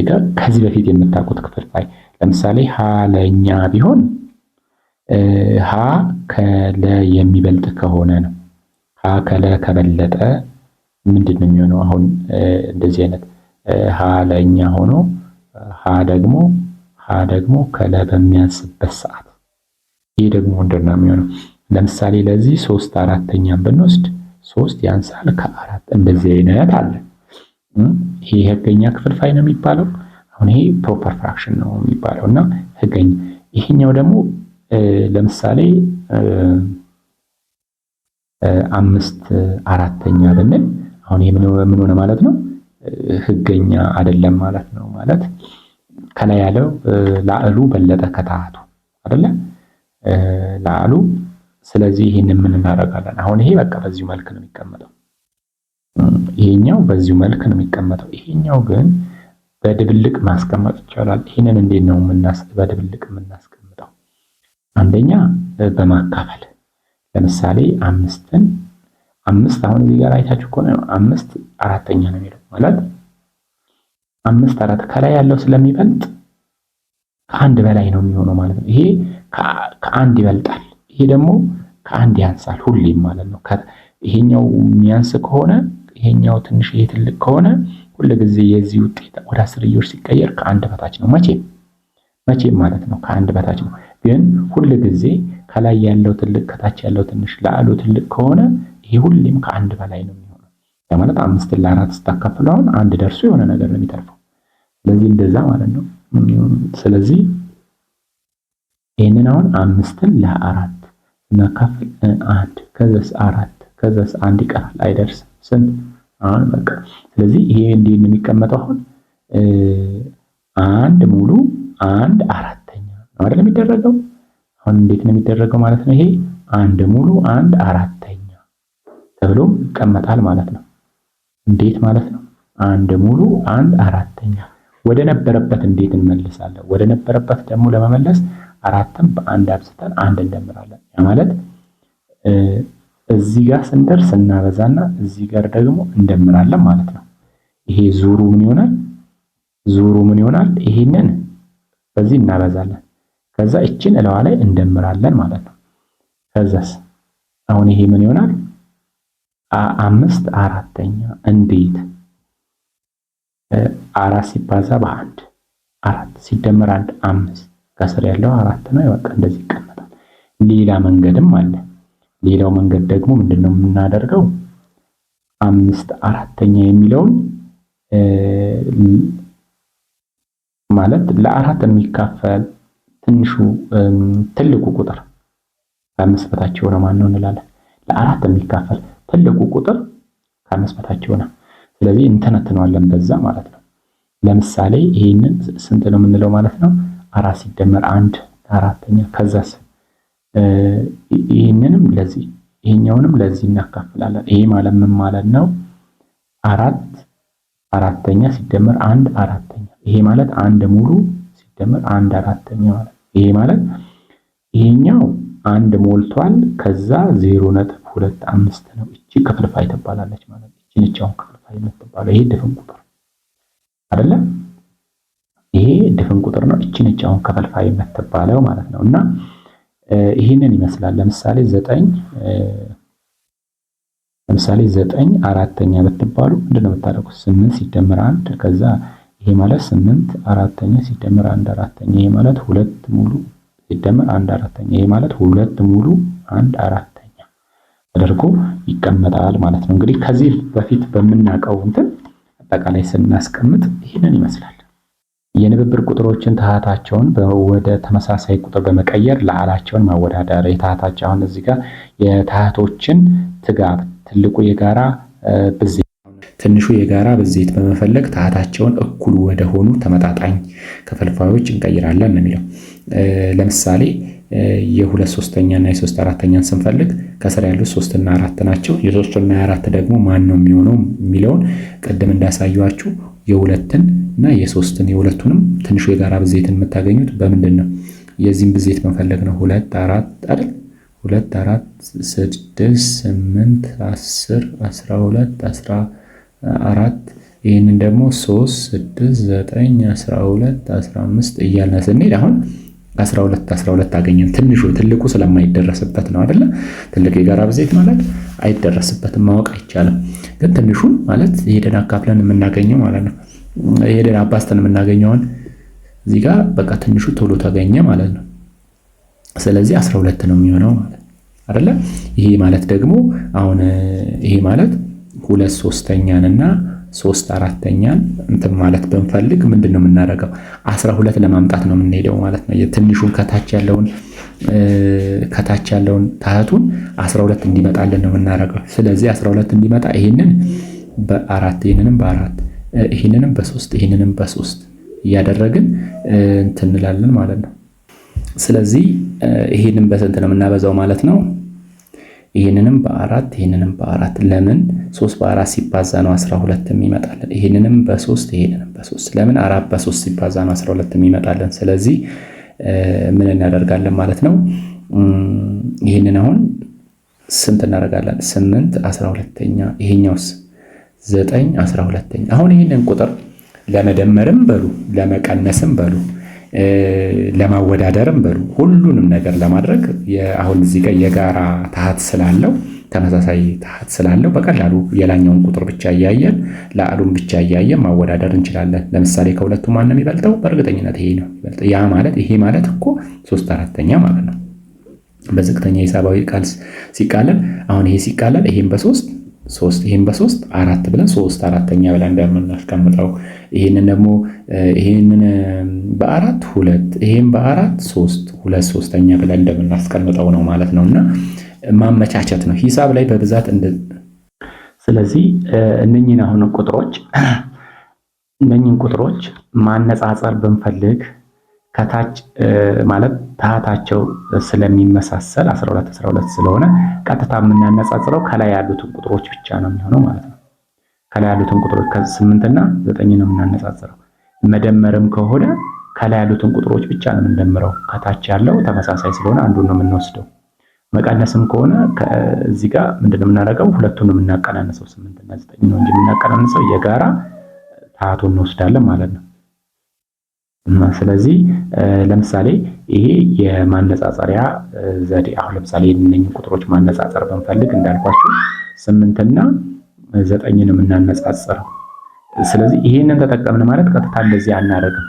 ቢቀር ከዚህ በፊት የምታውቁት ክፍልፋይ ለምሳሌ ሀ ለኛ ቢሆን ሀ ከለ የሚበልጥ ከሆነ ነው። ሀ ከለ ከበለጠ ምንድን ነው የሚሆነው? አሁን እንደዚህ አይነት ሀ ለኛ ሆኖ ሀ ደግሞ ሀ ደግሞ ከለ በሚያንስበት ሰዓት ይህ ደግሞ ምንድን ነው የሚሆነው? ለምሳሌ ለዚህ ሶስት አራተኛን ብንወስድ ሶስት ያንሳል ከአራት እንደዚህ አይነት አለ። ይሄ ህገኛ ክፍልፋይ ነው የሚባለው። አሁን ይሄ ፕሮፐር ፍራክሽን ነው የሚባለው እና ህገኛ ይሄኛው ደግሞ ለምሳሌ አምስት አራተኛ ብንል አሁን ይሄ ምን ሆነ ማለት ነው? ህገኛ አይደለም ማለት ነው። ማለት ከላይ ያለው ላዕሉ በለጠ ከታቱ አይደለ ላዕሉ። ስለዚህ ይህንን ምን እናደርጋለን? አሁን ይሄ በቃ በዚሁ መልክ ነው የሚቀመጠው። ይሄኛው በዚሁ መልክ ነው የሚቀመጠው። ይሄኛው ግን በድብልቅ ማስቀመጥ ይቻላል። ይህንን እንዴት ነው በድብልቅ የምናስቀምጠው? አንደኛ በማካፈል ለምሳሌ አምስትን አምስት አሁን እዚህ ጋር አይታችሁ ከሆነ አምስት አራተኛ ነው የሚለው ማለት አምስት አራት ከላይ ያለው ስለሚበልጥ ከአንድ በላይ ነው የሚሆነው ማለት ነው። ይሄ ከአንድ ይበልጣል፣ ይሄ ደግሞ ከአንድ ያንሳል ሁሌም ማለት ነው። ይሄኛው የሚያንስ ከሆነ ይሄኛው ትንሽ ይሄ ትልቅ ከሆነ ሁልጊዜ የዚህ ውጤት ወደ አስርዮሽ ሲቀየር ከአንድ በታች ነው። መቼ መቼ ማለት ነው ከአንድ በታች ነው። ግን ሁልጊዜ ከላይ ያለው ትልቅ ከታች ያለው ትንሽ ላሉ ትልቅ ከሆነ ይሄ ሁሌም ከአንድ በላይ ነው የሚሆነው። ለማለት አምስት ለአራት ስታካፍለው አሁን አንድ ደርሶ የሆነ ነገር ነው የሚተርፈው። ስለዚህ እንደዛ ማለት ነው። ስለዚህ ይህንን አሁን አምስትን ለአራት ስናካፍል አንድ ከዘስ አራት ከዘስ አንድ ይቀራል አይደርስም። ስንት አንድ በቃ ስለዚህ ይሄ እንዲህ የሚቀመጠው አሁን አንድ ሙሉ አንድ አራተኛ ነው አይደል የሚደረገው አሁን እንዴት ነው የሚደረገው ማለት ነው ይሄ አንድ ሙሉ አንድ አራተኛ ተብሎ ይቀመጣል ማለት ነው እንዴት ማለት ነው አንድ ሙሉ አንድ አራተኛ ወደ ነበረበት እንዴት እንመልሳለን ወደ ነበረበት ደግሞ ለመመለስ አራትም በአንድ አብዝተን አንድ እንደምራለን ያ ማለት እዚህ ጋር ስንደርስ እናበዛና እዚህ ጋር ደግሞ እንደምራለን ማለት ነው። ይሄ ዙሩ ምን ይሆናል? ዙሩ ምን ይሆናል? ይሄንን በዚህ እናበዛለን። ከዛ እችን እለዋ ላይ እንደምራለን ማለት ነው። ከዛስ አሁን ይሄ ምን ይሆናል? አምስት አራተኛ እንዴት አራት ሲባዛ በአንድ አራት ሲደመር አንድ አምስት ከስር ያለው አራት ነው። ይወጣ እንደዚህ ይቀመጣል። ሌላ መንገድም አለ። ሌላው መንገድ ደግሞ ምንድን ነው የምናደርገው? አምስት አራተኛ የሚለውን ማለት ለአራት የሚካፈል ትንሹ ትልቁ ቁጥር ከአምስት በታች የሆነ ማን ነው እንላለን። ለአራት የሚካፈል ትልቁ ቁጥር ከአምስት በታች የሆነ ስለዚህ እንተነትነዋለን በዛ ማለት ነው። ለምሳሌ ይሄንን ስንት ነው የምንለው ማለት ነው? አራት ሲደመር አንድ አራተኛ ከዛስ ይህንንም ለዚህ ይሄኛውንም ለዚህ እናካፍላለን። ይሄ ማለት ምን ማለት ነው? አራት አራተኛ ሲደመር አንድ አራተኛ። ይሄ ማለት አንድ ሙሉ ሲደመር አንድ አራተኛ ማለት ይሄ ማለት ይሄኛው አንድ ሞልቷል። ከዛ ዜሮ ነጥብ ሁለት አምስት ነው። እቺ ክፍልፋይ ትባላለች ማለት እቺ ነች ክፍልፋይ የምትባለው። ይሄ ድፍን ቁጥር አይደለ? ይሄ ድፍን ቁጥር ነው። እቺ ነች ከፍልፋይ ክፍልፋይ የምትባለው ማለት ነው እና ይህንን ይመስላል። ለምሳሌ ዘጠኝ ለምሳሌ ዘጠኝ አራተኛ ብትባሉ ምንድን ነው የምታደርጉት? ስምንት ሲደመር አንድ ከዛ ይሄ ማለት ስምንት አራተኛ ሲደመር አንድ አራተኛ ይሄ ማለት ሁለት ሙሉ ሲደመር አንድ አራተኛ ይሄ ማለት ሁለት ሙሉ አንድ አራተኛ ተደርጎ ይቀመጣል ማለት ነው። እንግዲህ ከዚህ በፊት በምናውቀው እንትን አጠቃላይ ስናስቀምጥ ይህንን ይመስላል። የንብብር ቁጥሮችን ታህታቸውን ወደ ተመሳሳይ ቁጥር በመቀየር ለዓላቸውን ማወዳደር የታህታቸ አሁን እዚህ ጋር የታህቶችን ትጋብ ትልቁ የጋራ ብዜ ትንሹ የጋራ ብዜት በመፈለግ ታህታቸውን እኩል ወደሆኑ ተመጣጣኝ ከፈልፋዮች እንቀይራለን ነው የሚለው። ለምሳሌ የሁለት ሶስተኛ እና የሶስት አራተኛን ስንፈልግ ከስር ያሉት ሶስትና አራት ናቸው። የሶስትና የአራት ደግሞ ማን ነው የሚሆነው የሚለውን ቅድም እንዳሳዩችሁ የሁለትን እና የሶስትን የሁለቱንም ትንሹ የጋራ ብዜትን የምታገኙት በምንድን ነው? የዚህም ብዜት መፈለግ ነው። ሁለት አራት አይደል? ሁለት አራት ስድስት ስምንት አስር አስራ ሁለት አስራ አራት ይህንን ደግሞ ሶስት ስድስት ዘጠኝ አስራ ሁለት አስራ አምስት እያልን ስንሄድ አሁን 12 12 አገኘን። ትንሹ ትልቁ ስለማይደረስበት ነው አይደለ? ትልቅ የጋራ ብዜት ማለት አይደረስበትም፣ ማወቅ አይቻልም። ግን ትንሹን ማለት ሄደን አካፍለን የምናገኘው ማለት ነው። ሄደን አባስተን የምናገኘውን እዚህ ጋር በቃ ትንሹ ቶሎ ተገኘ ማለት ነው። ስለዚህ 12 ነው የሚሆነው ማለት አይደለ? ይሄ ማለት ደግሞ አሁን ይሄ ማለት ሁለት ሶስተኛንና ሶስት አራተኛን እንትን ማለት ብንፈልግ ምንድን ነው የምናደርገው? አስራ ሁለት ለማምጣት ነው የምንሄደው ማለት ነው። የትንሹን ከታች ያለውን ከታች ያለውን ታህቱን አስራ ሁለት እንዲመጣልን ነው የምናደርገው። ስለዚህ አስራ ሁለት እንዲመጣ ይህንን በአራት ይህንንም በአራት ይህንንም በሶስት ይህንንም በሶስት እያደረግን እንትንላለን እንላለን ማለት ነው። ስለዚህ ይህንን በስንት ነው የምናበዛው ማለት ነው? ይህንንም በአራት ይህንንም በአራት ለምን ሶስት በአራት ሲባዛ ነው አስራ ሁለት የሚመጣለን። ይህንንም በሶስት ይህንንም በሶስት ለምን አራት በሶስት ሲባዛ ነው አስራ ሁለት የሚመጣለን። ስለዚህ ምን እናደርጋለን ማለት ነው። ይህንን አሁን ስንት እናደርጋለን? ስምንት አስራ ሁለተኛ ይሄኛውስ ዘጠኝ አስራ ሁለተኛ አሁን ይህንን ቁጥር ለመደመርም በሉ ለመቀነስም በሉ ለማወዳደርም በሉ ሁሉንም ነገር ለማድረግ አሁን እዚህ ጋር የጋራ ታህት ስላለው ተመሳሳይ ታህት ስላለው በቀላሉ የላኛውን ቁጥር ብቻ እያየን ለአሉን ብቻ እያየን ማወዳደር እንችላለን። ለምሳሌ ከሁለቱ ማን ነው የሚበልጠው? በእርግጠኝነት ይሄ ነው የሚበልጠው። ያ ማለት ይሄ ማለት እኮ ሶስት አራተኛ ማለት ነው። በዝቅተኛ ሂሳባዊ ቃል ሲቃለል አሁን ይሄ ሲቃለል ይሄም በሶስት ሶስት ይህን በሶስት አራት ብለን ሶስት አራተኛ ብለን እንደምናስቀምጠው ይህንን ደግሞ ይህንን በአራት ሁለት ይህን በአራት ሶስት ሁለት ሶስተኛ ብለን እንደምናስቀምጠው ነው ማለት ነው። እና ማመቻቸት ነው ሂሳብ ላይ በብዛት ስለዚህ እነኝን አሁን ቁጥሮች እነኝን ቁጥሮች ማነጻጸር ብንፈልግ ከታች ማለት ታህታቸው ስለሚመሳሰል 12 12 ስለሆነ ቀጥታ የምናነጻጽረው ከላይ ያሉትን ቁጥሮች ብቻ ነው የሚሆነው ማለት ነው። ከላይ ያሉትን ቁጥሮች ከስምንት እና ዘጠኝ ነው የምናነጻጽረው። መደመርም ከሆነ ከላይ ያሉትን ቁጥሮች ብቻ ነው የምንደምረው። ከታች ያለው ተመሳሳይ ስለሆነ አንዱን ነው የምንወስደው። መቀነስም ከሆነ ከዚህ ጋር ምንድነው የምናደርገው? ሁለቱን ነው የምናቀናነሰው ስምንትና እና ዘጠኝ ነው እንጂ የምናቀናንሰው የጋራ ታህቱን እንወስዳለን ማለት ነው። ስለዚህ ለምሳሌ ይሄ የማነጻጸሪያ ዘዴ አሁን ለምሳሌ የእነኝን ቁጥሮች ማነጻጸር ብንፈልግ እንዳልኳቸው ስምንትና ዘጠኝን የምናነጻጽረው። ስለዚህ ይሄንን ተጠቀምን ማለት ቀጥታ እንደዚህ አናደርግም።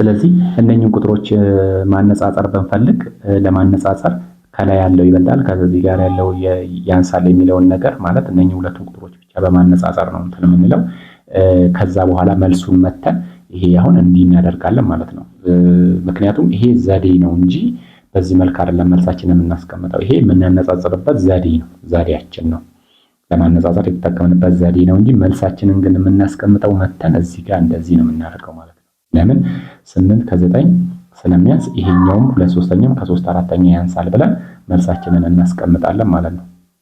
ስለዚህ እነኝን ቁጥሮች ማነጻጸር ብንፈልግ ለማነጻጸር ከላይ ያለው ይበልጣል ከዚህ ጋር ያለው ያንሳል የሚለውን ነገር ማለት እነኚህ ሁለቱን ቁጥሮች ብቻ በማነጻጸር ነው እንትን የምንለው። ከዛ በኋላ መልሱን መተን ይሄ አሁን እንዲህ እናደርጋለን ማለት ነው። ምክንያቱም ይሄ ዘዴ ነው እንጂ በዚህ መልክ አይደለም መልሳችን የምናስቀምጠው። ይሄ የምናነጻጽርበት ዘዴ ነው፣ ዘዴያችን ነው ለማነጻጸር የተጠቀምንበት ዘዴ ነው እንጂ መልሳችንን ግን የምናስቀምጠው መተን እዚህ ጋር እንደዚህ ነው የምናደርገው ማለት ነው። ለምን ስምንት ከዘጠኝ ስለሚያንስ ይሄኛውም ሁለት ከሶስት አራተኛ ያንሳል ብለን መልሳችንን እናስቀምጣለን ማለት ነው።